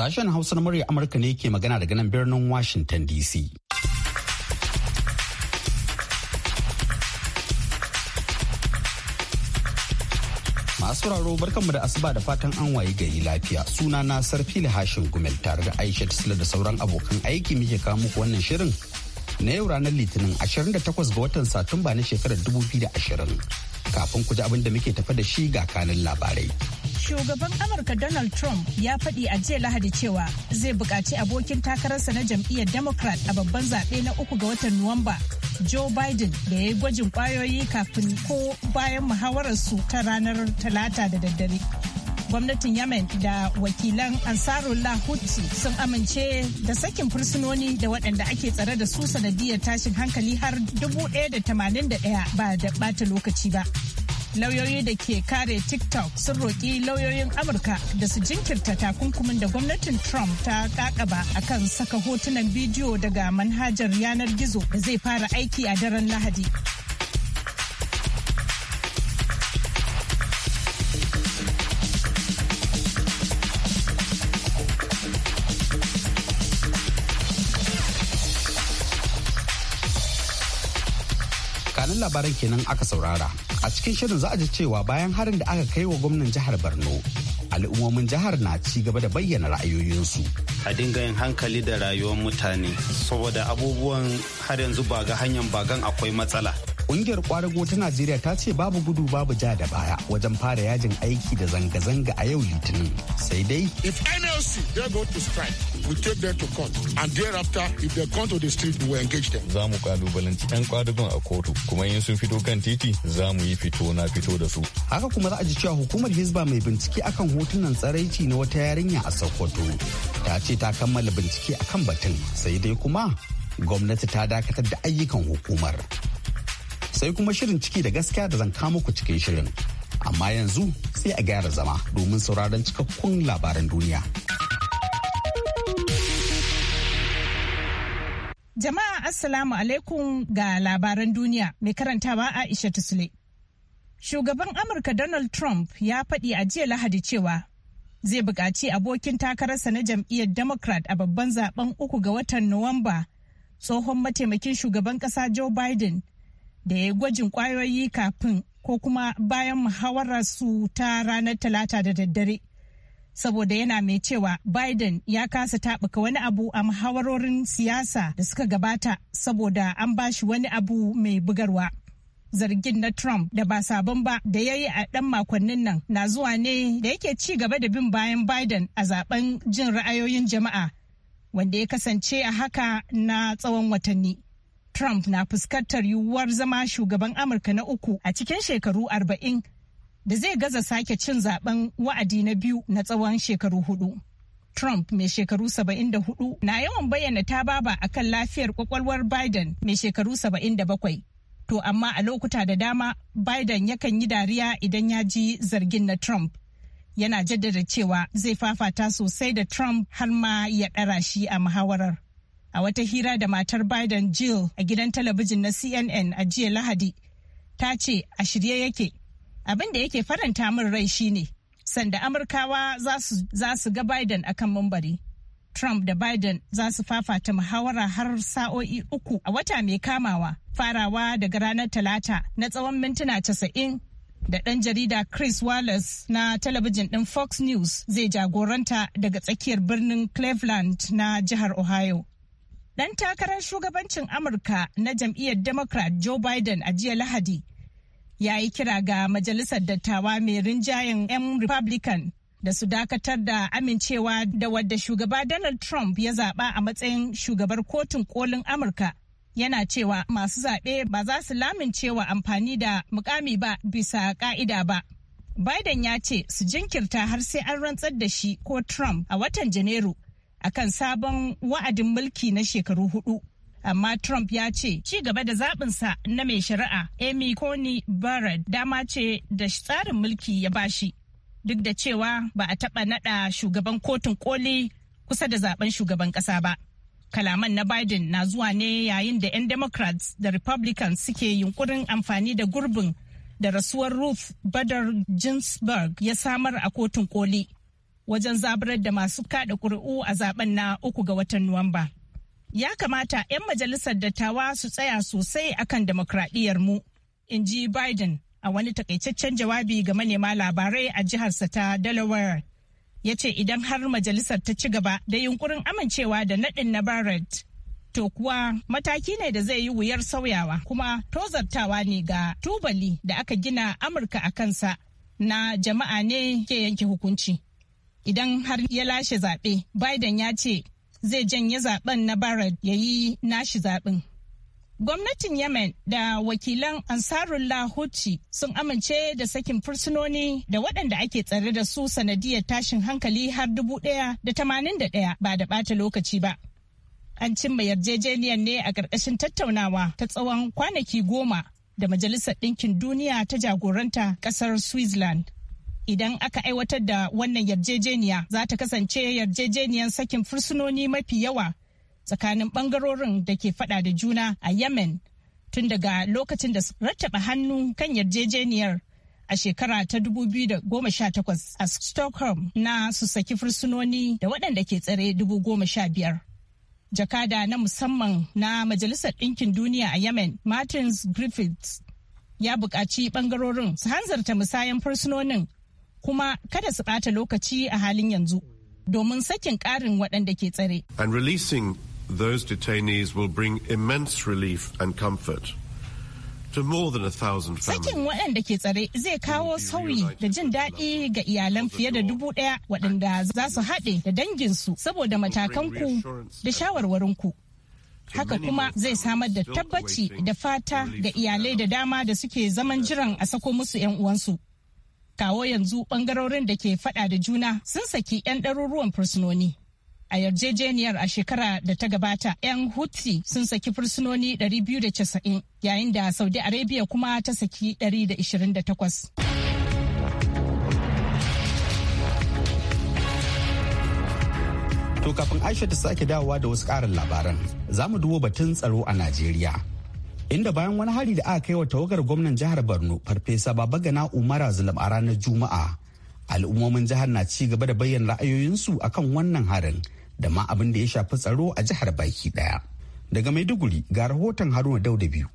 Sashen Hausa na murya Amurka ne ke magana daga nan birnin Washington DC. Masu raro barkanmu da asuba da fatan an wayi gari lafiya suna na sarfili hashin gumel tare da Aisha Tisla da sauran abokan aiki muke kawo muku wannan shirin na yau ranar litinin 28 ga watan satumba na shekarar 2020 kafin ku ji abin da muke tafa da shi ga kanin labarai. Shugaban Amurka Donald Trump ya faɗi a jiya Lahadi cewa zai buƙaci abokin takararsa na jam'iyyar Democrat a babban zaɓe na uku ga watan Nuwamba. Joe Biden da ya yi gwajin ƙwayoyi kafin ko bayan muhawararsu ta ranar Talata da daddare. gwamnatin Yemen da wakilan Ansarullah Houthi sun amince da sakin fursunoni da waɗanda ake tsare da su sanadiyar tashin hankali har 1,081 ba da ɓata lokaci ba. lauyoyi da ke kare tiktok sun roƙi lauyoyin amurka da su jinkirta takunkumin da gwamnatin trump ta kakaba akan saka hotunan bidiyo daga manhajar yanar gizo da zai fara aiki a daren lahadi kanin labaran kenan aka saurara A cikin shirin za a ji cewa bayan harin da aka kai wa gwamnan jihar Borno, al'ummomin jihar na ci gaba da bayyana ra'ayoyinsu. A dinga yin hankali da rayuwar mutane saboda abubuwan har yanzu ba ga hanyar bagan akwai matsala. kungiyar kwarago ta Najeriya ta ce babu gudu babu ja da baya wajen fara yajin aiki da zanga-zanga a yau Litinin. Sai dai. If NLC they go to strike, we take them to court and thereafter if they come to the street we engage them. Za mu kalubalanci 'yan kwadugon a kotu kuma in sun fito kan titi za mu yi fito na fito da su. Haka kuma za a ji cewa hukumar Hizba mai bincike akan hotunan tsaraici na wata yarinya a Sokoto. Ta ce ta kammala bincike akan batun sai dai kuma gwamnati ta dakatar da ayyukan hukumar. sai kuma shirin ciki da gaskiya da zan kama ku cikin shirin. Amma yanzu sai a gyara zama domin sauraron cikakkun labaran duniya. Jama'a Assalamu alaikum ga labaran duniya mai karantawa Aisha Tusle. Shugaban Amurka Donald Trump ya faɗi a jiya Lahadi cewa zai buƙaci abokin takararsa na jam'iyyar Democrat a babban zaben uku ga watan Nuwamba tsohon mataimakin shugaban ƙasa Joe Biden da ya gwajin kwayoyi kafin ko kuma bayan muhawarar su ta ranar talata da daddare saboda yana mai cewa biden ya kasa taɓuka wani abu a muhawarorin siyasa da suka gabata saboda an ba shi wani abu mai bugarwa zargin na Trump da ba sabon ba da ya yi a ɗan makonnin nan na zuwa ne da yake ci gaba da bin bayan Biden a zaben jin ra'ayoyin jama'a wanda ya kasance a haka na tsawon watanni. Trump na fuskantar yiwuwar zama shugaban Amurka na uku a cikin shekaru arba'in da zai gaza sake cin zaben wa'adi na biyu na tsawon shekaru hudu. Trump mai shekaru 74 na yawan bayyana ta baba a kan lafiyar kwakwalwar Biden mai shekaru saba'in da bakwai To amma a lokuta da dama Biden yakan yi dariya idan ya ji zargin na Trump. Yana jaddada cewa zai fafata sosai da Trump har ma ya ɗara shi a muhawarar. A wata hira da matar Biden Jill a gidan talabijin na CNN a jiya Lahadi, ta ce a shirye yake. Abin da yake faranta min rai shine sanda Amurkawa za su ga Biden akan mambari Trump da Biden za su fafata muhawara har sa'o'i uku a wata mai kamawa farawa daga ranar Talata na tsawon mintuna casa'in da ɗan jarida Chris Wallace na talabijin ɗin Fox News zai jagoranta daga tsakiyar birnin Cleveland na jihar Ohio. Dan takarar shugabancin Amurka na jam'iyyar Democrat Joe Biden a jiya Lahadi ya yi kira ga majalisar dattawa mai rinjayen 'yan Republican da su dakatar da amincewa da wadda shugaba Donald Trump ya zaɓa a matsayin shugabar kotun kolin Amurka. Yana cewa masu zaɓe ba za su lamincewa amfani da mukami ba bisa ƙa'ida ba. Biden ya ce su jinkirta har sai an rantsar da shi ko Trump a watan Janairu akan sabon wa'adin mulki na shekaru hudu. Amma Trump ya ce ci gaba da zaɓinsa na mai shari'a Amy Coney Barrett dama ce da tsarin mulki ya bashi. Duk da cewa ba a taɓa naɗa shugaban kotun koli kusa da zaben shugaban ƙasa ba. kalaman na Biden na zuwa ne yayin da 'yan Democrats da Republicans suke yunkurin amfani da gurbin da rasuwar Ruth Bader Ginsburg ya samar a kotun koli wajen zabar da masu kada ƙuri'u a zaben na uku ga watan Nuwamba. Ya kamata 'yan majalisar dattawa su tsaya sosai akan demokradiyyar mu, in ji Biden a wani takaitaccen jawabi ga manema labarai a jiharsa ta Delaware. Ya ce idan har majalisar ta ci gaba da yunkurin amincewa da naɗin na Barrett to kuwa mataki ne da zai yi wuyar sauyawa kuma tozartawa ne ga tubali da aka gina amurka a kansa na jama'a ne ke yanke hukunci idan har ya lashe zaɓe biden ya ce zai janye zaben na barad ya yi nashi zaɓen gwamnatin yemen da wakilan ansarullah huci sun amince da sakin fursunoni da waɗanda ake tsare da su sanadiyar tashin hankali har dubu ɗaya da tamanin da ɗaya ba da ɓata lokaci ba an cimma yarjejeniyar ne a ƙarƙashin tattaunawa ta tsawon kwanaki goma da majalisar ɗinkin duniya ta jagoranta ƙasar switzerland idan aka aiwatar da wannan yarjejeniya za ta kasance yarjejeniyar sakin fursunoni mafi yawa tsakanin bangarorin da ke fada da juna a yemen tun daga lokacin da rattaba hannu kan yarjejeniyar a shekara ta 2018 a stockholm na su saki fursunoni da waɗanda ke tsare biyar. jakada na musamman na majalisar ɗinkin duniya a yemen martins griffiths ya buƙaci ɓangarorin su hanzarta musayan fursunonin kuma kada su ɓata lokaci a halin yanzu domin sakin ƙarin waɗanda ke tsare. And releasing those detainees will bring immense relief and comfort. Sakin waɗanda ke tsare zai kawo sauyi da jin daɗi ga iyalan fiye da dubu ɗaya waɗanda za su haɗe da danginsu saboda matakanku da shawarwarinku. Haka kuma zai samar da tabbaci da fata ga iyalai da dama da suke zaman jiran a sako musu 'yan uwansu. kawo yanzu bangarorin da ke fada da juna sun saki 'yan ɗaruruwan fursunoni a yarjejeniyar a shekara da ta gabata 'yan houthi sun saki fursunoni 290 yayin da saudi arabia kuma ta saki 128 To kafin Aisha ta sake dawowa da wasu ƙarin labaran, za mu duba batun tsaro a Najeriya. inda bayan wani hari da aka kai wa tawagar gwamnan jihar borno farfesa babagana umara Azlam a ranar juma'a al'ummomin jihar na ci gaba da bayyana ra'ayoyinsu akan wannan harin da ma abin da ya shafi tsaro a jihar baki daya daga maiduguri ga rahoton haruna dauda biyu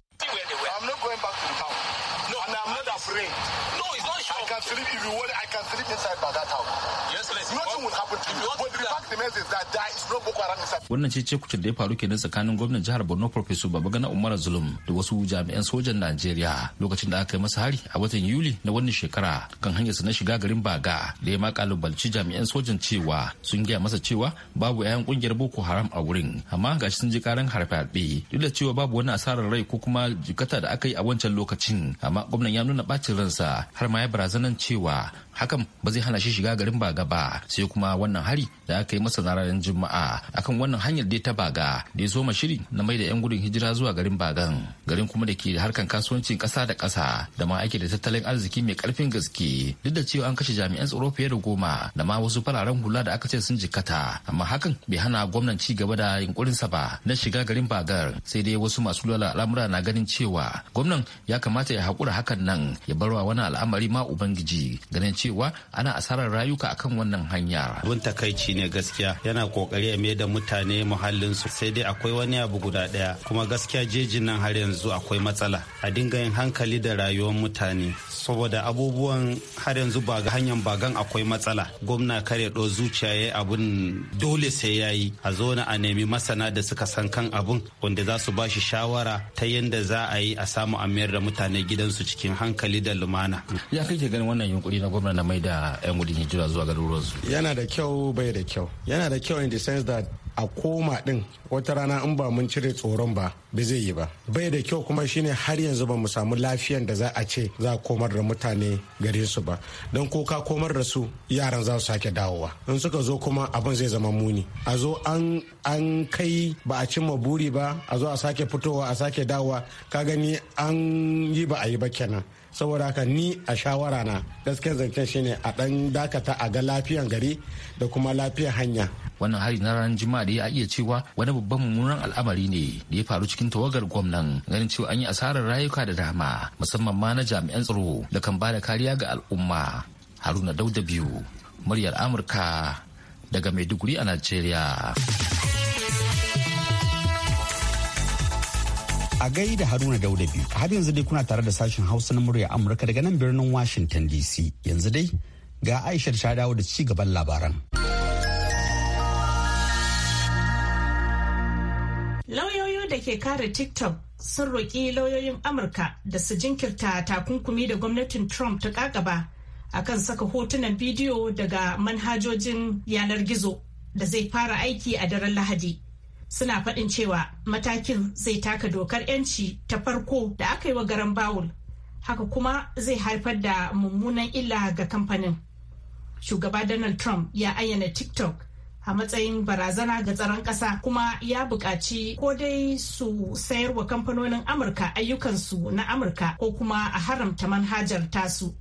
sleep, if you want, I can sleep inside Bagat House. Yes, Nothing will happen to you. But the fact remains that there is no Boko Haram inside. Wannan ce ce kucin da ya faru kenan tsakanin gwamnan jihar Borno Professor Babagana Umar Zulum da wasu jami'an sojan Najeriya lokacin da aka yi masa hari a watan Yuli na wannan shekara kan hanyarsa na shiga garin Baga da ya ma kalubalci jami'an sojan cewa sun gaya masa cewa babu 'ya'yan kungiyar Boko Haram a wurin amma gashi sun ji karan harfe-harfe duk da cewa babu wani asarar rai ko kuma jikata da aka yi a wancan lokacin amma gwamnan ya nuna bacin ransa har ma ya barazanar 去哇！hakan ba zai hana shi shiga garin baga ba sai kuma wannan hari da aka yi masa zararen juma'a akan wannan hanyar da ta baga da ya soma shiri na mai da 'yan gudun hijira zuwa garin bagan garin kuma da ke harkan kasuwancin kasa da kasa da ma aiki da tattalin arziki mai karfin gaske duk da cewa an kashe jami'an tsaro fiye da goma da ma wasu fararen hula da aka ce sun jikkata amma hakan bai hana gwamnan ci gaba da yunkurin sa ba na shiga garin bagar sai dai wasu masu lula al'amura na ganin cewa gwamnan ya kamata ya haƙura hakan nan ya barwa wani al'amari ma ubangiji ganin cewa cewa ana asarar rayuka akan wannan hanya. Abin takaici ne gaskiya yana kokari ya da mutane muhallin su sai dai akwai wani abu guda daya kuma gaskiya jejin nan har yanzu akwai matsala a dinga yin hankali da rayuwar mutane saboda abubuwan har yanzu ba ga hanyar bagan akwai matsala gwamna kare ɗo zuciya ya abun dole sai ya yi a zona a nemi masana da suka san kan abun wanda za su ba shi shawara ta yadda za a yi a samu a mayar da mutane gidansu cikin hankali da lumana. ya kake ganin wannan yunkuri na gwamna na mai da 'yan gudun hijira zuwa garuruwansu yana da kyau bai da kyau yana da kyau in the sense that a koma din wata rana in ba mun cire tsoron ba ba zai yi ba bai da kyau kuma shine har yanzu ba mu samu lafiyan da za a ce za a komar da mutane gare su ba don ko ka komar da su yaran za su sake dawowa in suka zo kuma abin zai zama muni a zo an an kai ba a cimma buri ba a zo a sake fitowa a sake dawowa ka gani an yi ba a yi ba kenan saboda haka ni a shawara na gaskiyar zancen shine a dan dakata a ga lafiyan gari da kuma lafiyan hanya wannan hari na ranar juma'a da ya iya cewa wani babban mummunan al'amari ne da ya faru cikin tawagar gwamnan ganin cewa an yi asarar rayuka da dama musamman ma na jami'an tsaro da kan bada kariya ga al'umma haruna dauda biyu muryar amurka daga maiduguri a najeriya a gai da haruna dauda biyu har yanzu dai kuna tare da sashen hausa na murya amurka daga nan birnin washington dc yanzu dai ga aisha ta dawo da ci gaban labaran lauyoyi da ke kare tiktok sun roƙi lauyoyin amurka da su jinkirta takunkumi da gwamnatin trump ta kakaba kan saka hotunan bidiyo daga manhajojin yanar gizo da zai fara aiki a daren lahadi suna faɗin cewa matakin zai taka dokar 'yanci ta farko da aka yi wa garan bawul haka kuma zai haifar da mummunan illa ga kamfanin shugaba donald trump ya ayyana tiktok a matsayin barazana ga tsaron ƙasa kuma ya buƙaci ko dai su sayar wa kamfanonin amurka ayyukansu na amurka ko kuma a haramta manhajar tasu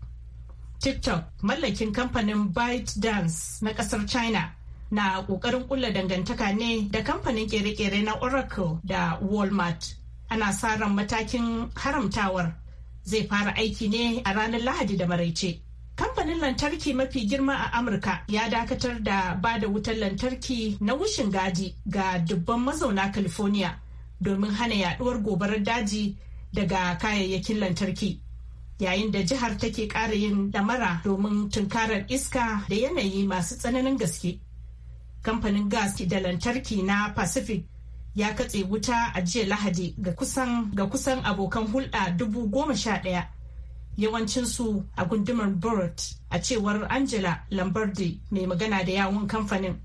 tiktok mallakin kamfanin ByteDance na ƙasar china na ƙoƙarin ƙulla dangantaka ne da kamfanin kere-kere na Oracle da Walmart. Ana sa ran matakin haramtawar zai fara aiki ne a ranar Lahadi da maraice. Kamfanin lantarki mafi girma a Amurka ya dakatar da ba da wutar lantarki na wushin gadi ga dubban mazauna California domin hana yaduwar gobarar daji daga kayayyakin lantarki. Yayin da jihar take ƙara yin damara domin tunkarar iska da yanayi masu tsananin gaske. kamfanin gas da lantarki na pacific ya katse wuta a jiya lahadi ga kusan ga kusan abokan hulɗa dubu goma sha ɗaya yawancinsu a gundumar burt a cewar angela lambardi mai magana da yawun kamfanin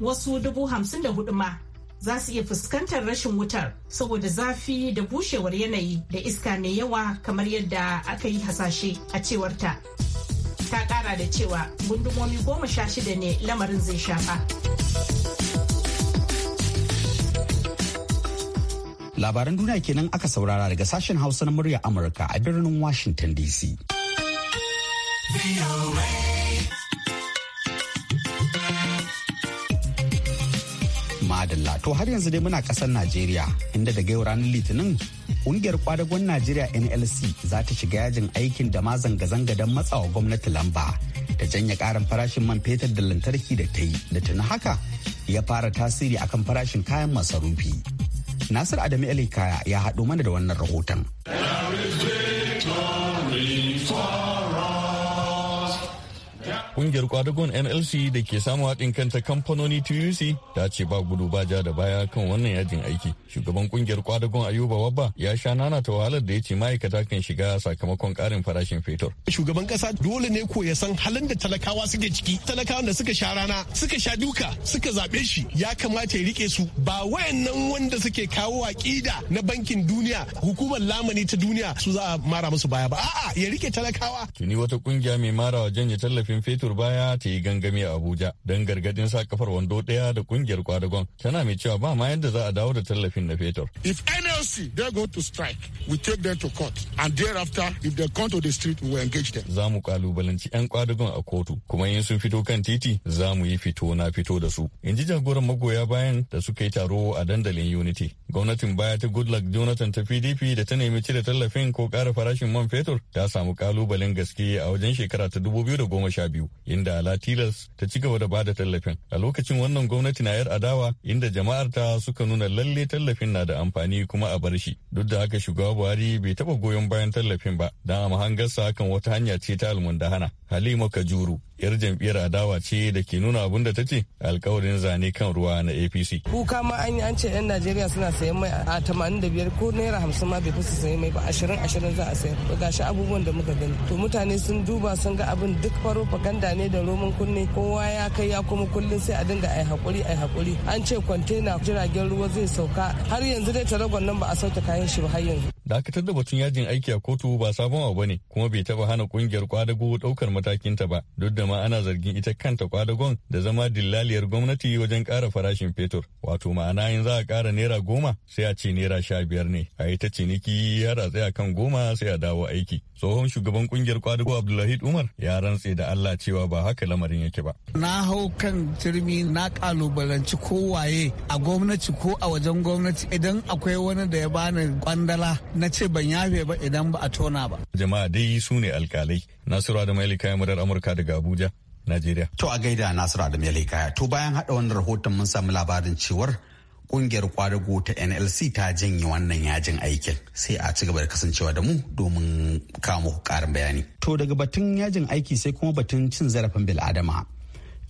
wasu dubu hamsin da hudu ma za su iya fuskantar rashin wutar saboda zafi da bushewar yanayi da iska mai yawa kamar yadda aka yi hasashe a cewarta. ta ta kara da cewa gundumomi goma sha shida ne lamarin zai shafa. Labaran duniya kenan aka saurara daga sashen Hausa na murya Amurka a birnin Washington DC. adalla to har yanzu dai muna kasar Najeriya inda daga yau ranar Litinin ƙungiyar kwadagon Najeriya NLC za ta shiga yajin aikin da ma zanga-zanga don matsawa gwamnati lamba da janye karin farashin man fetur da lantarki da ta yi da tuni haka ya fara tasiri akan farashin kayan masarufi. Nasir Adamu Elikaya ya haɗo mana da wannan rahoton. Kungiyar kwadagon NLC da ke samun haɗin kanta kamfanoni TUC ta ce ba gudu ba ja da baya kan wannan yajin aiki. Shugaban kungiyar kwadagon Ayuba Wabba ya sha nana ta wahalar da ya ce ma'aikata kan shiga sakamakon ƙarin farashin fetur. Shugaban ƙasa dole ne ko ya san halin da talakawa suke ciki. Talakawan da suka sha rana, suka sha duka, suka zaɓe shi ya kamata ya rike su ba wayannan wanda suke kawo aƙida na bankin duniya hukumar lamani ta duniya su za a mara musu baya ba a'a ya rike talakawa tuni wata kungiya mai mara wa janye tallafin fetur turbaya ta yi gangami a Abuja don gargadin sa kafar wando daya da kungiyar kwadagon tana mai cewa ba ma yadda za a dawo da tallafin na fetur. If NLC they go to strike, we take them to court and thereafter if they come to the street we engage them. Za mu kalubalanci 'yan kwadagon a kotu kuma in sun fito kan titi za mu yi fito na fito da su. In ji jagoran magoya bayan da suka yi taro a dandalin Unity. Gwamnatin baya ta Goodluck Jonathan ta PDP da ta nemi cire tallafin ko kara farashin man fetur ta samu kalubalen gaske a wajen shekara ta dubu biyu da goma sha biyu. inda ala tilas ta ci gaba da bada tallafin a lokacin wannan gwamnati na yar adawa inda jama'ar ta suka nuna lalle tallafin na da amfani kuma a bar shi duk da haka shugaba buhari bai taba goyon bayan tallafin ba don a mahangarsa hakan wata hanya ce ta almundahana halima kajuru yar jam'iyyar adawa ce da ke nuna abin da ta ce alkawarin zane kan ruwa na apc kuka ma an yi an ce yan najeriya suna sayan mai a tamanin da biyar ko naira hamsin ma bai fi su sayan mai ba ashirin ashirin za a sayar to gashi abubuwan da muka gani to mutane sun duba sun ga abin duk faro faganda ne da roman kunne kowa ya kai ya kuma kullum sai a dinga ai hakuri ai hakuri an ce kwantena jiragen ruwa zai sauka har yanzu dai taragon nan ba a sauke kayan shi ba har yanzu dakatar da batun yajin aiki a kotu ba sabon abu bane kuma bai taba hana kungiyar kwadago daukar matakinta ba duk da ma ana zargin ita kanta kwadagon da zama dillaliyar gwamnati wajen ƙara farashin fetur wato ma'ana in za a ƙara naira goma sai a ce naira sha biyar ne a ita ciniki ya ratse a kan goma sai a dawo aiki tsohon shugaban kungiyar kwadago abdullahi umar ya rantse da allah cewa ba haka lamarin yake ba na hau kan turmi na kalubalanci kowaye a gwamnati ko a wajen gwamnati idan akwai wani da ya bani kwandala na ce ban yafe ba idan ba a tona ba. Jama'a dai su ne alkalai. Nasiru Adamu Elika murar Amurka daga Abuja, Najeriya. To a gaida Nasiru Adamu kaya To bayan haɗa wannan rahoton mun samu labarin cewar kungiyar kwadago ta NLC ta janye wannan yajin aikin sai a ci gaba da kasancewa da mu domin kamo karin bayani. To daga batun yajin aiki sai kuma batun cin zarafin bil'adama.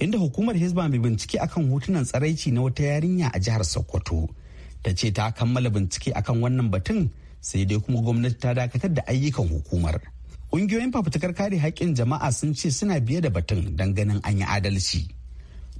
Inda hukumar Hizba mai bincike akan hotunan tsaraici na wata yarinya a jihar Sokoto ta ce ta kammala bincike akan wannan batun sai dai kuma gwamnati ta dakatar da ayyukan hukumar ƙungiyoyin fafutukar kare haƙƙin jama'a sun ce suna biye da batun don ganin an yi adalci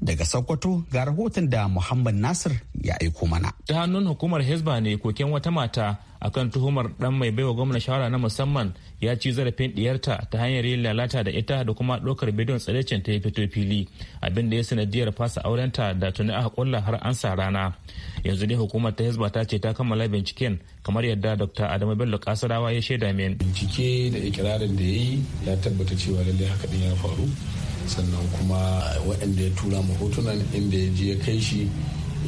Daga Sokoto ga rahoton da Muhammad Nasir ya aiko mana. Ta hannun hukumar Hezba ne koken wata mata akan tuhumar dan mai baiwa gwamna shawara na musamman ya ci zarafin diyarta ta hanyar yin lalata da ita da kuma ɗaukar bidiyon tsiraicin ta ya fito fili abin da ya sanadiyar fasa aurenta da tuni a kulla har an sa rana yanzu ne hukumar ta Hezba ta ce ta kammala binciken kamar yadda dr adamu bello kasarawa ya shaida min bincike da ikirarin da ya yi ya tabbata cewa lallai haka din ya faru sannan kuma waɗanda ya tura ma hotunan inda ya je ya kai shi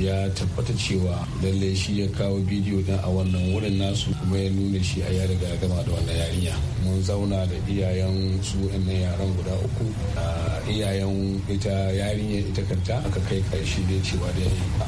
ya tabbata cewa lallai shi ya kawo bidiyo din a wannan wurin nasu kuma ya nuna shi a ya ga gama da wannan yarinya mun zauna da iyayen su wannan yaran guda uku a iyayen ita yarinya ita kanta aka kai karshe da cewa da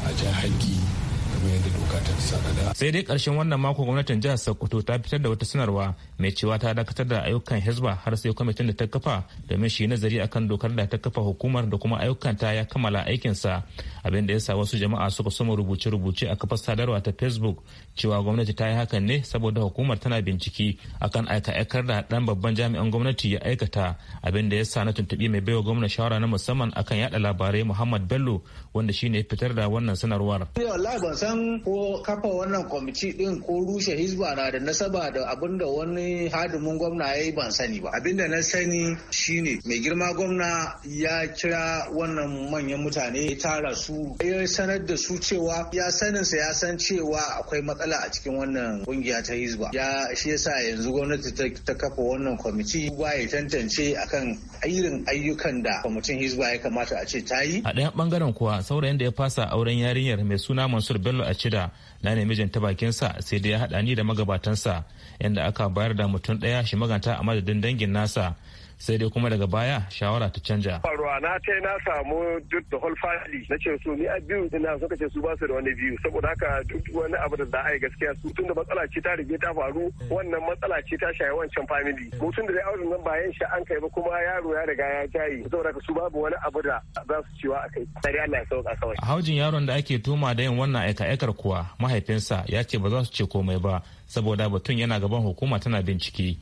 a ja haƙƙi kamar yadda doka ta sanada. sai dai karshen wannan mako gwamnatin jihar sokoto ta fitar da wata sanarwa mai cewa ta dakatar da ayyukan hezba har sai kwamitin da ta kafa domin shi nazari akan dokar da ta kafa hukumar da kuma ayyukan ta ya kammala aikinsa abin da ya sa wasu jama'a suka soma rubuce-rubuce a kafar sadarwa ta facebook cewa gwamnati ta yi hakan ne saboda hukumar tana binciki akan aika-aikar da dan babban jami'an gwamnati ya aikata abin da ya sa na tuntuɓi mai baiwa gwamna shawara na musamman akan yada labarai muhammad bello wanda shine fitar da wannan sanarwar. wallahi ban zancen ko kafa wannan kwamiti din ko rushe hizba na da nasaba da abin da wani hadimin gwamna ya yi ban sani ba abin da na sani shine mai girma gwamna ya kira wannan manyan mutane ya tara su ya sanar da su cewa ya saninsa ya san cewa akwai matsala a cikin wannan kungiya ta hizba ya shi yasa yanzu gwamnati ta kafa wannan kwamiti ba ya tantance akan irin ayyukan da kwamitin hizba ya kamata a ce ta yi a ɗayan bangaren kuwa saurayin da ya fasa auren yarinyar mai suna mansur bello bello a cida na ne mijin ta sa sai dai ya haɗa ni da magabatan sa inda aka bayar da mutum ɗaya shi maganta a madadin dangin nasa sai dai kuma daga baya shawara ta canja. Faruwa na ta na samu duk da whole family na ce su ni a biyu ina suka ce su ba su da wani biyu saboda haka duk wani abu da za a yi gaskiya su tun da matsala ce ta rige ta faru wannan matsala ce ta shaye wancan family mutum da zai aure nan bayan shi an kai ba kuma yaro ya riga ya jayi. saboda haka su babu wani abu da za su ciwa a kai Sari Allah ya sauka kawai. Haujin yaron da ake tuma da yin wannan aika-aikar kuwa mahaifinsa ya ce ba za su ce komai ba saboda batun yana gaban hukuma tana bincike.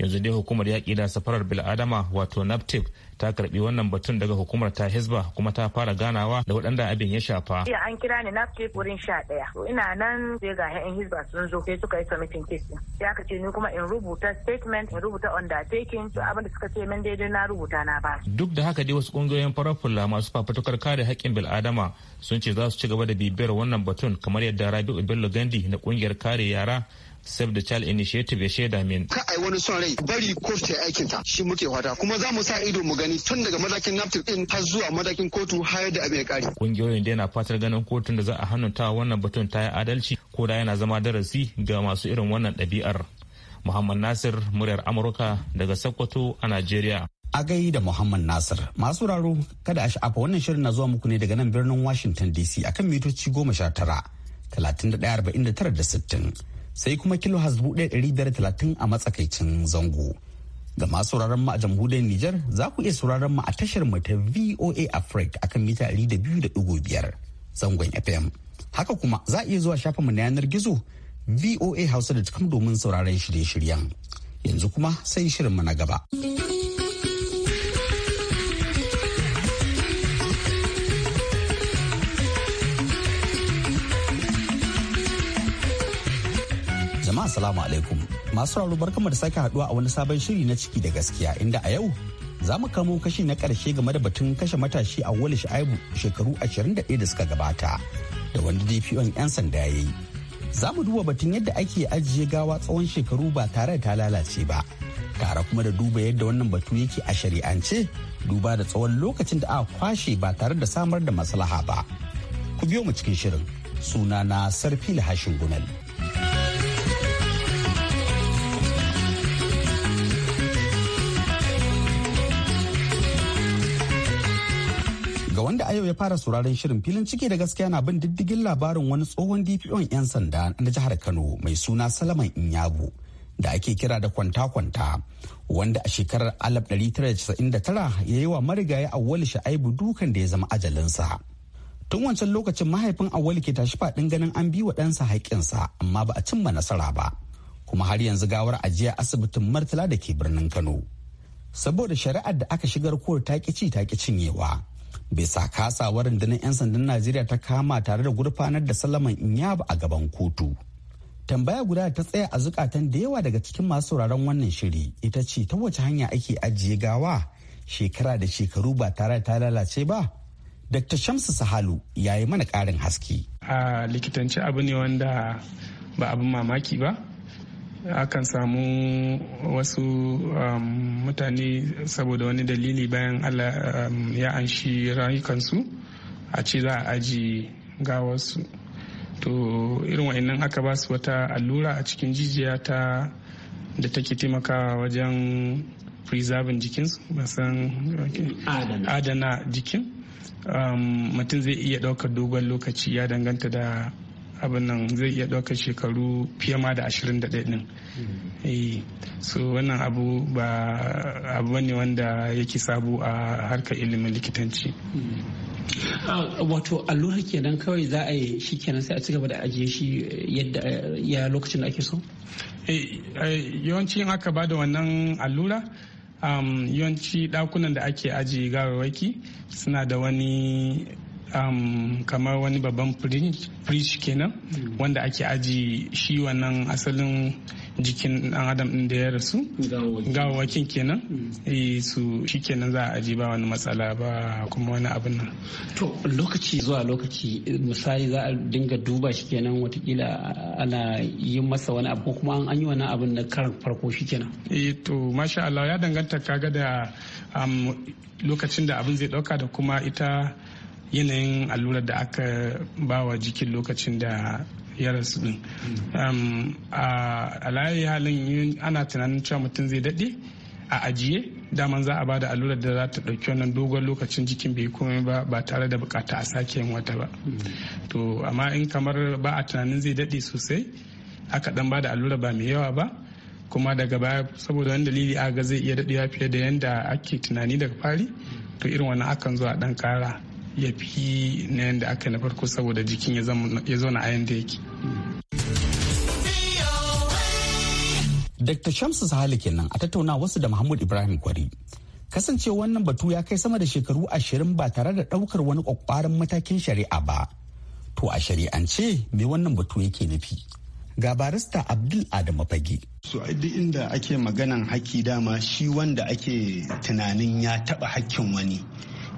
yanzu dai hukumar yaƙi da safarar bil'adama wato naptip ta karbi wannan batun daga hukumar ta hisba kuma ta fara ganawa da waɗanda abin ya shafa. Iya an kira ni naptip wurin sha ɗaya. To ina nan sai ga yan hizba sun zo sai suka yi submitting case ya ka ce ni kuma in rubuta statement in rubuta undertaking to abin da suka ce min daidai na rubuta na ba. Duk da haka dai wasu ƙungiyoyin farar fulla masu fafutukar kare haƙƙin bil'adama sun ce za su ci gaba da bibiyar wannan batun kamar yadda Rabi'u Bello Gandi na ƙungiyar kare yara Save the Child Initiative ya shaida min. Ka ai wani son rai bari kotu ta aikin ta shi muke fata kuma za mu sa ido mu gani tun daga matakin NAFTIC din har zuwa matakin kotu har da abin kare. Kungiyoyin da yana fatar ganin kotun da za a ta wannan batun ta yi adalci ko da yana zama darasi ga masu irin wannan ɗabi'ar. Muhammad Nasir muryar Amurka daga Sokoto a Najeriya. A gai da Muhammad Nasir masu raro kada a sha'afa wannan shirin na zuwa muku ne daga nan birnin Washington DC akan mitoci goma sha tara talatin da ɗaya arba'in da tara da sittin. sai kuma kilohas 1530 a matsakaicin zango. Ga masu sauraron ma a jamhuriyar Nijar za ku iya sauraron ma a tashar mu ta VOA Africa akan mita 200.5 zangon FM. Haka kuma za a iya zuwa shafin mu na yanar gizo voa hausa voahausa.com domin sauraron shirye-shiryen. Yanzu kuma sai shirin mu na gaba. Jama'a salamu alaikum. Masu sauraro kama da sake haduwa a wani sabon shiri na ciki da gaskiya inda a yau za mu kamo kashi na karshe game da batun kashe matashi a wali sha'ibu shekaru 21 da suka gabata da wanda dpn 'yan sanda ya yi. Za mu duba batun yadda ake ajiye gawa tsawon shekaru ba tare da ta lalace ba. Tare kuma da duba yadda wannan batu yake a shari'ance duba da tsawon lokacin da aka kwashe ba tare da samar da maslaha ba. Ku biyo mu cikin shirin sunana sarfi Hashin Gumel. a yau ya fara sauraron shirin filin ciki da gaskiya na bin diddigin labarin wani tsohon DPO'n 'yan sanda na jihar Kano mai suna Salaman Inyabu da ake kira da kwanta-kwanta wanda a shekarar 1999 ya yi wa marigayi awwal sha'aibu dukan da ya zama ajalinsa. Tun wancan lokacin mahaifin awwal ke tashi faɗin ganin an bi wa ɗansa haƙƙinsa amma ba a cimma nasara ba. Kuma har yanzu gawar ajiya asibitin martila da ke birnin Kano. Saboda shari'ar da aka shigar kowar ta ci ta cinyewa. bisa kasawar rundunar 'yan sandan najeriya ta kama tare da gurfanar da salaman ba a gaban kotu tambaya guda ta tsaya a zukatan da yawa daga cikin masu sauraron wannan shiri ita ce ta wace hanya ake ajiye gawa shekara da shekaru ba tare ta lalace ba dr shamsu sahalu ya yi mana karin haske a likitanci abu ne wanda ba abin mamaki ba akan samu wasu um, mutane saboda wani dalili bayan allah um, ya anshi rayukansu a ce za a aji gawarsu to irin wa'annan aka ba su wata allura a cikin jijiya ta da take taimakawa wajen preserving jikinsu san adana jikin um, mutum zai iya ɗaukar dogon lokaci ya danganta da abin nan zai iya ɗaukar shekaru fiye ma da 21 ɗin eh, so wannan abu ba abu ne wanda yake sabu a harkar ilimin likitanci ah, wato allura kenan kawai za a yi shi kenan sai a ci gaba da ajiye shi eh, yadda ya lokacin da ake so eh, yawanci in aka ba da wannan allura yawanci dakunan da ake ajiye gawarwaki suna da wani um, kamar wani babban fridge kenan hmm. wanda ake aji shi wannan asalin jikin dan adam din da ya rasu gawawakin kenan hmm. eh su kenan za a aji ba wani matsala ba kuma wani abin nan to lokaci zuwa lokaci misali za a dinga duba shi kenan watakila ana yin masa wani abu kuma an yi wani abin na karan farko shi kenan eh to masha Allah ya danganta kaga da um, lokacin da abin zai dauka da kuma ita yanayin allurar da aka bawa jikin lokacin da ya rasu din um, a layi halin ana tunanin cewa mutum zai daɗe a ajiye daman za a bada allurar da za ta ɗauki wannan dogon lokacin jikin bai komai ba ba tare da bukata a sake yin wata ba to amma in kamar ba a tunanin zai daɗe sosai aka ɗan bada allura ba mai yawa ba kuma daga baya saboda wani dalili a ga zai iya daɗewa fiye da yadda ake tunani daga fari to irin wannan akan zo a ɗan ƙara ya fi na yadda aka na farko saboda jikin ya zauna a yadda yake. Dr. Shamsu Sahali kenan a tattauna wasu da Muhammad Ibrahim Kwari. Kasance wannan batu ya kai sama da shekaru ashirin ba tare da ɗaukar wani ƙwaƙwaran matakin shari'a ba. To a shari'ance me wannan batu yake nufi? ga barista abdul adamu fage. so duk inda ake maganan haƙƙi dama shi wanda ake tunanin ya taɓa hakkin wani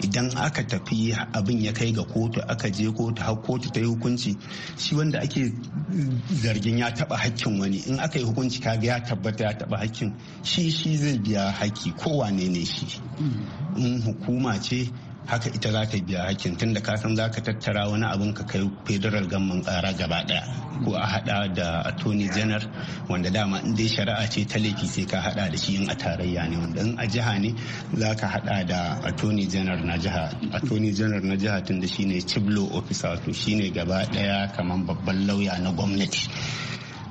idan aka tafi abin ya kai ga kotu aka je kotu har kotu ta yi hukunci shi wanda ake zargin ya taba hakkin wani in aka yi hukunci kaga ya tabbata ya taba hakkin shi shi zai biya haki wane ne shi in hukuma ce haka ita za ta biya hakkin tunda ka san za ka tattara wani abin ka kai federal gamman kara gaba daya ko a hada da attorney general wanda dama in dai shari'a ce ta laifi sai ka hada da shi in a tarayya ne wanda in a jiha ne za ka hada da attorney general na jiha attorney general na jiha tunda shi chief law officer to ne gaba daya kamar babban lauya na gwamnati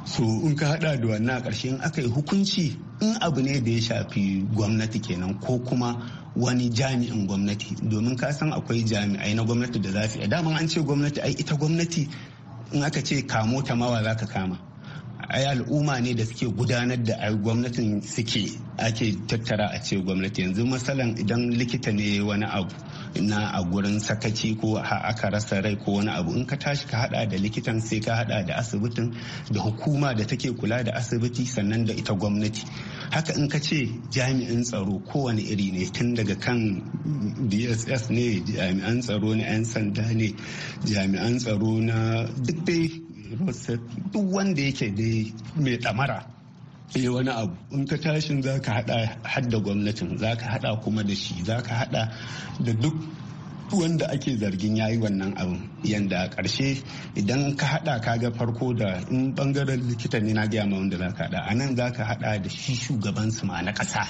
so in ka hada da wannan a karshe in aka yi hukunci in abu ne da ya shafi gwamnati kenan ko kuma wani jami'in gwamnati domin ka san akwai jami'ai na gwamnati da za a iya daman an ce gwamnati ai ita gwamnati in aka ce kamo ta mawa za ka kama ai al'umma ne da suke gudanar da ai gwamnatin suke ake tattara a ce gwamnati yanzu masalan idan likita ne wani abu na a gurin sakaci ko aka rasa rai ko wani abu in ka tashi ka hada da likitan sai ka hada da asibitin da hukuma da take kula da asibiti sannan da ita gwamnati haka in ka ce jami'in tsaro kowane iri ne tun daga kan dss ne jami'an tsaro na 'yan sanda ne jami'an tsaro na duk dai duk wanda yake dai mai damara eh wani abu in ka tashin za ka hada hadda gwamnatin za ka hada kuma da shi za ka hada da duk duk wanda ake zargin yayi wannan abin yanda karshe idan ka hada kaga farko da in bangaren likita ne na gaya ma wanda za ka hada a nan za ka hada da shi shugaban su ma na kasa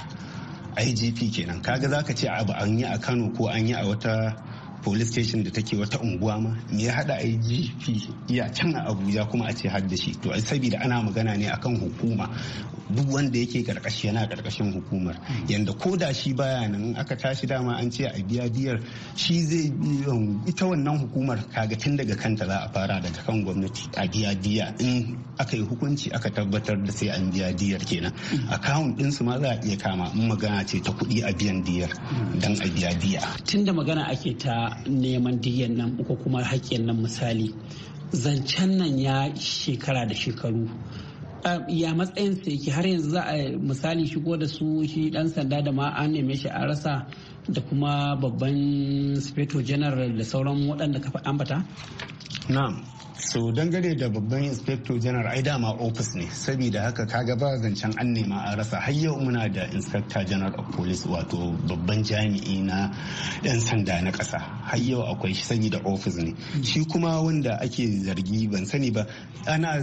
igp kenan kaga za ka ce abu an yi a kano ko an yi a wata police station da take wata unguwa ma me ya hada IGP ya can a Abuja kuma a ce har da shi to ai saboda ana magana ne akan hukuma duk wanda yake karkashi yana karkashin hukumar yanda ko da shi baya nan aka tashi dama an ce a biya biyar shi zai um, ita wannan hukumar kaga tun daga kanta za a fara daga kan gwamnati a biya biya in aka yi hukunci aka tabbatar da sai an biya diyar kenan account din su ma za a iya kama in magana ce ta kuɗi a biyan diyar dan a biya diya tunda magana ake ta neman diyan nan ko kuma haƙƙin nan misali zancen nan ya shekara da shekaru ya matsayin sa yake har yanzu za a misali shigo da su shi dan sanda da ma an neme shi a rasa da kuma babban speto general da sauran waɗanda ka ambata? na'am so dangane da babban inspector general ai dama office ne saboda haka kaga ba zancen an nema a rasa har yau muna da inspector general of police wato babban jami'i na yan sanda na kasa har yau akwai shi da office ne shi kuma wanda ake zargi ban sani ba ana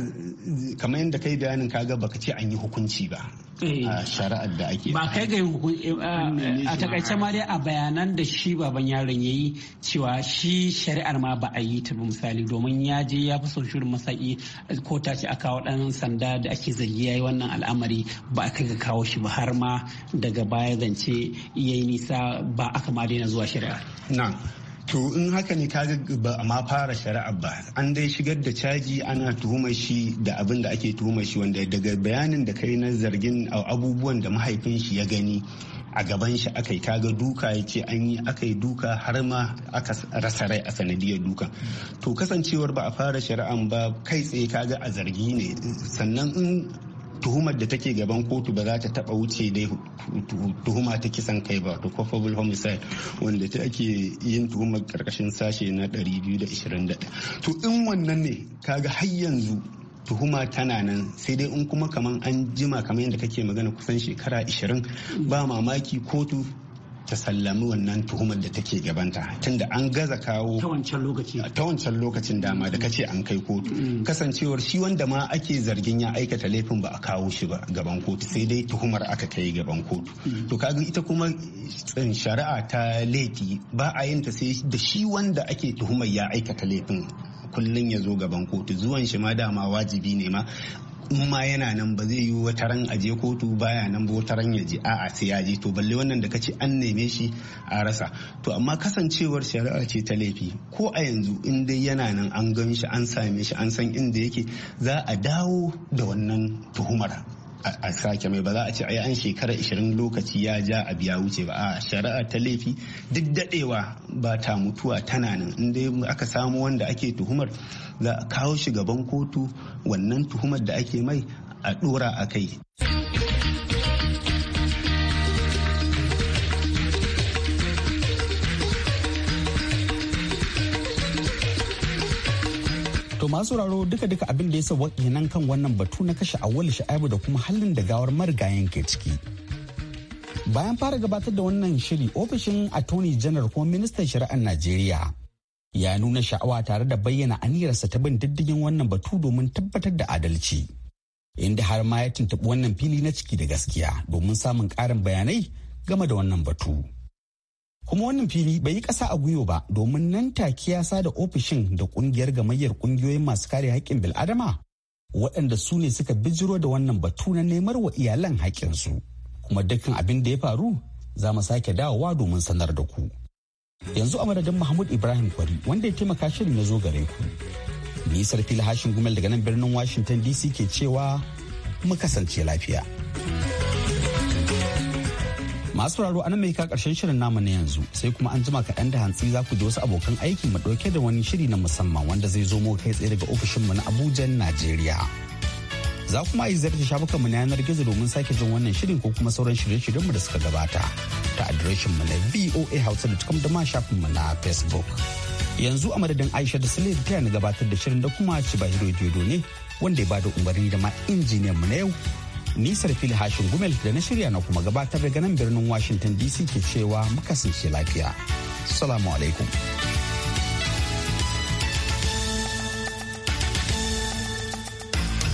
kamar yadda kai bayanin kaga baka ce an yi hukunci ba Eh. a shari'ar da ake ba kai ga eh, a takaice ma dai a bayanan da shi baban yaron yayi cewa shi shari'ar ma ba a yi ta misali domin ya je ya fi son shirin masaki ko ta ce a kawo dan sanda da ake zargi yayi wannan al'amari ba a kai ga kawo shi ba har ma daga baya zance yayi nisa ba aka ma daina zuwa shari'a to in haka ne kaga ba a ma fara shari'a ba an dai shigar da caji ana tuhumar shi da abin da ake tuhumar shi wanda daga bayanin da kai na zargin abubuwan da mahaifin shi ya gani a gaban shi aka yi kaga duka ya ce an yi aka yi duka har ma aka rasa rai a sanadiyar duka to kasancewar ba a fara shari'an ba kai tsaye kaga a zargi ne sannan in tuhumar da take gaban kotu ba za ta taba wuce dai tuhuma ta kisan kai ba to culpable homicide wanda ta ake yin tuhumar karkashin sashe na 221 to in wannan ne kaga har yanzu tuhuma tana nan sai dai in kuma kaman an jima kamar yadda kake magana kusan shekara 20 ba mamaki kotu ta sallami wannan tuhumar da take gabanta tunda an gaza kawo ta wancan lokacin dama da kace an kai kotu mm. kasancewar shi wanda ma ake zargin ya aikata laifin ba a kawo shi ba gaban kotu sai dai tuhumar aka kai gaban kotu mm. to kaga ita kuma shari'a ta laifi ba a yin ta sai da shi wanda ake tuhumar ya aikata laifin kullum ya zo gaban kotu zuwan shi ma dama wajibi ne ma in ma yana nan ba zai yi wata ran a je kotu baya nan ba wata ran ya je a'a sai ya je to balle wannan da kace an neme shi a rasa to amma kasancewar shari'a ce ta laifi ko a yanzu in dai yana nan an gan shi an same shi an san inda yake za a dawo da wannan tuhumar a sake mai ba za a ce ai an shekara 20 lokaci ya ja a biya wuce ba a shari'a ta laifi duk dadewa ba ta mutuwa tana nan in inda aka samu wanda ake tuhumar za a kawo shi gaban kotu wannan tuhumar da ake mai a dora a kai masu sauraro duka-duka abin da ya sa nan kan wannan batu na kashe awwal sha'ibu da kuma halin da gawar marigayen ke ciki. Bayan fara gabatar da wannan shiri ofishin Attorney General kuma ministan shari'ar Najeriya ya nuna sha'awa tare da bayyana aniyarsa ta bin diddigin wannan batu domin tabbatar da adalci. Inda har ma ya tuntuɓi wannan fili na ciki da gaskiya domin samun ƙarin bayanai game da wannan batu. kuma wannan fili bai yi ƙasa a gwiwa ba domin nan take ya da ofishin da ƙungiyar gamayyar ƙungiyoyin masu kare haƙƙin bil'adama waɗanda su ne suka bijiro da wannan batu na nemar wa iyalan haƙƙinsu kuma dukkan abin da ya faru za mu sake dawowa domin sanar da ku yanzu a madadin mahmud ibrahim kwari wanda ya taimaka shirin ya zo gare ku ni sarfi hashim gumel daga nan birnin washington dc ke cewa mu kasance lafiya. masu sauraro anan mai ka karshen shirin namu na yanzu sai kuma an jima kaɗan da hantsi za ku ji wasu abokan aiki mu ɗauke da wani shiri na musamman wanda zai zo mu kai tsaye daga mu na abuja najeriya za kuma yi zarta mu na yanar gizo domin sake jin wannan shirin ko kuma sauran shirye-shiryenmu da suka gabata ta mu na voa hausa da ma da mu shafinmu na facebook yanzu a madadin aisha da sule ta na gabatar da shirin da kuma ci bahiro ne wanda ya bada umarni da ma injiniyan mu na yau Nisar fili hashin gumel da na shirya na kuma gabatar daga nan birnin Washington DC ke cewa muka lafiya. Salamu alaikum.